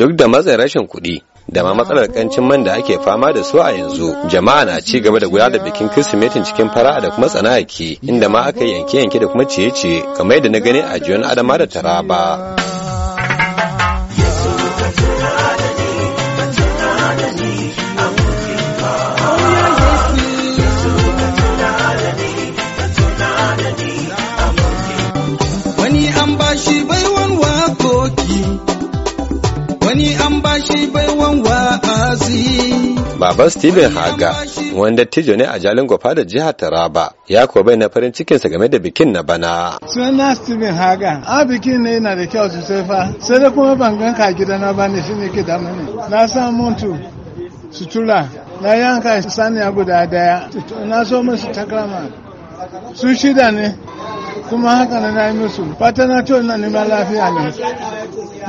duk da matsayin rashin kuɗi da ma matsalar kancin man da ake fama da su a yanzu jama'a na ci gaba da gudanar da bikin kirsimetin cikin fara'a da kuma tsanaki inda ma aka yanke yanke da kuma ciye-ciye kamar yadda na gani a jiyon adama da taraba wani an bashi baiwan wa'azi. Baban Steven Haga, wanda tijo ne a Jalin Gwafa da jihar Taraba, ya kuwa bai na farin cikinsa game da bikin na bana. Suna Steven Haga, a bikin ne yana da kyau sosai fa, sai da kuma ban ganka na ba ne shi ne ke damu ne. Na samu mutu sutura, na yanka saniya guda daya, na so musu takrama. su shida ne kuma haka na na yi musu fata na to na neman lafiya ne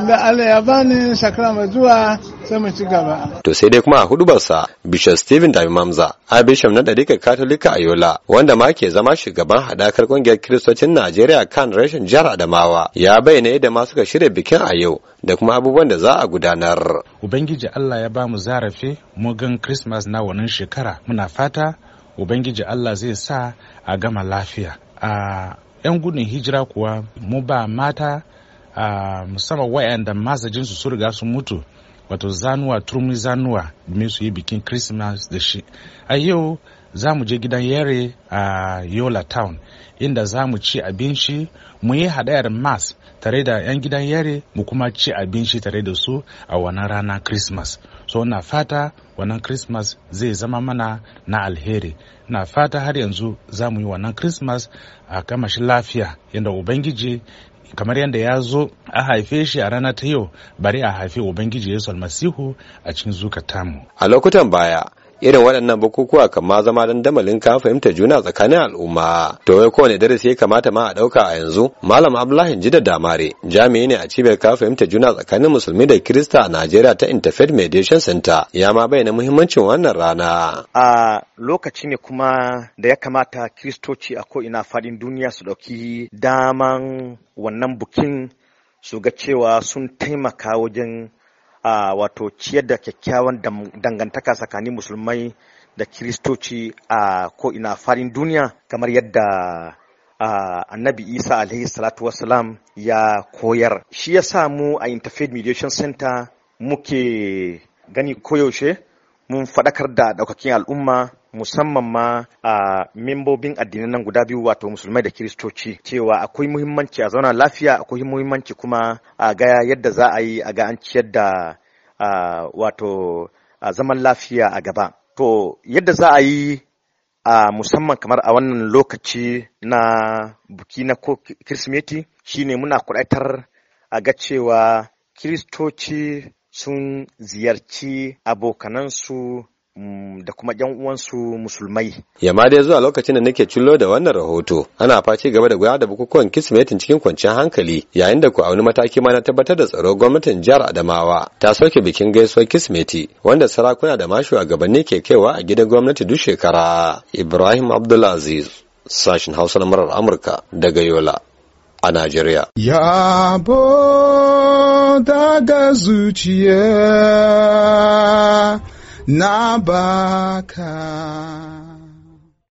da Allah ya bani shakara mai zuwa sai mu ci gaba. To sai dai kuma a hudubarsa Bishop Stephen Dami Mamza, a Bishop na ɗarikar Katolika a Yola, wanda ma ke zama shugaban haɗakar ƙungiyar Kiristocin Najeriya kan rashin jihar Adamawa, ya bayyana yadda ma suka shirya bikin a yau da kuma abubuwan da za a gudanar. Ubangiji Allah ya ba mu zarafi mu gan Christmas na wannan shekara. Muna fata ubangiji allah zai sa a gama lafiya a 'yan gudun hijira kuwa mu ba mata musamman wayanda masajinsu su riga su mutu wato zanuwa turmi zanuwa domin su yi bikin christmas da shi a yau za mu je gidan yare a yola town inda za mu ci abinci mu yi hadayar mas tare da 'yan gidan yare mu kuma ci abinci tare da su a wannan rana christmas so na fata wannan christmas zai zama mana na alheri na fata har yanzu za mu yi wannan christmas a kamashin lafiya yadda ubangiji kamar yadda ya zo a haife shi a rana ta yau bari a haife ubangiji yesu almasihu a cikin zukatamu a lokutan baya irin waɗannan bukukuwa kan ma zama dandamalin ka fahimta juna tsakanin al'umma to wai kowane darasi ya kamata ma a ɗauka a yanzu malam abdullahi da damare jami'i ne a cibiyar ka fahimta juna tsakanin musulmi da kirista a najeriya ta interfaith mediation center ya ma bayyana muhimmancin wannan rana a lokaci ne kuma da ya kamata kiristoci a ko'ina faɗin duniya su ɗauki daman wannan bukin su ga cewa sun taimaka wajen a wato ciyar da kyakkyawan dangantaka tsakanin musulmai da kiristoci a ko'ina farin duniya kamar yadda annabi isa alaihi salatu wasalam ya koyar shi ya samu a interfaith mediation center muke gani koyaushe mun faɗakar da ɗaukakin al'umma musamman ma a membobin addinan nan guda biyu wato musulmai da kiristoci cewa akwai muhimmanci a zauna lafiya akwai muhimmanci kuma a ga yadda za a yi a ga an ciyar da wato zaman lafiya a gaba to yadda za a yi a musamman kamar a wannan lokaci na buki na kirsimeti shine muna kuɗaitar a ga cewa kiristoci sun ziyarci abokanansu Mm, da kuma yan uwansu musulmai. Yamma dai zuwa lokacin da nake cullo da wannan rahoto ana faci gaba da gudanar da bukukuwan Kirsimetin cikin kwanciyar hankali yayin da ku auni mataki ma na tabbatar da tsaro gwamnatin jihar Adamawa ta soke bikin gaisuwar Kismeti, wanda sarakuna da ma gabanni ke kaiwa a gidan gwamnati duk shekara. Ibrahim Abdulaziz sashin Hausa na murar Amurka daga Yola a Najeriya. Ya bo daga zuciya Nabaka.